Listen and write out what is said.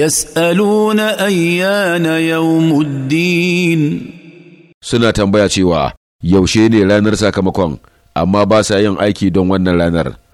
yas'aluna ayyana يوم الدين suna tambaya cewa yaushe ne ranar sakamakon amma ba sa yin aiki don wannan ranar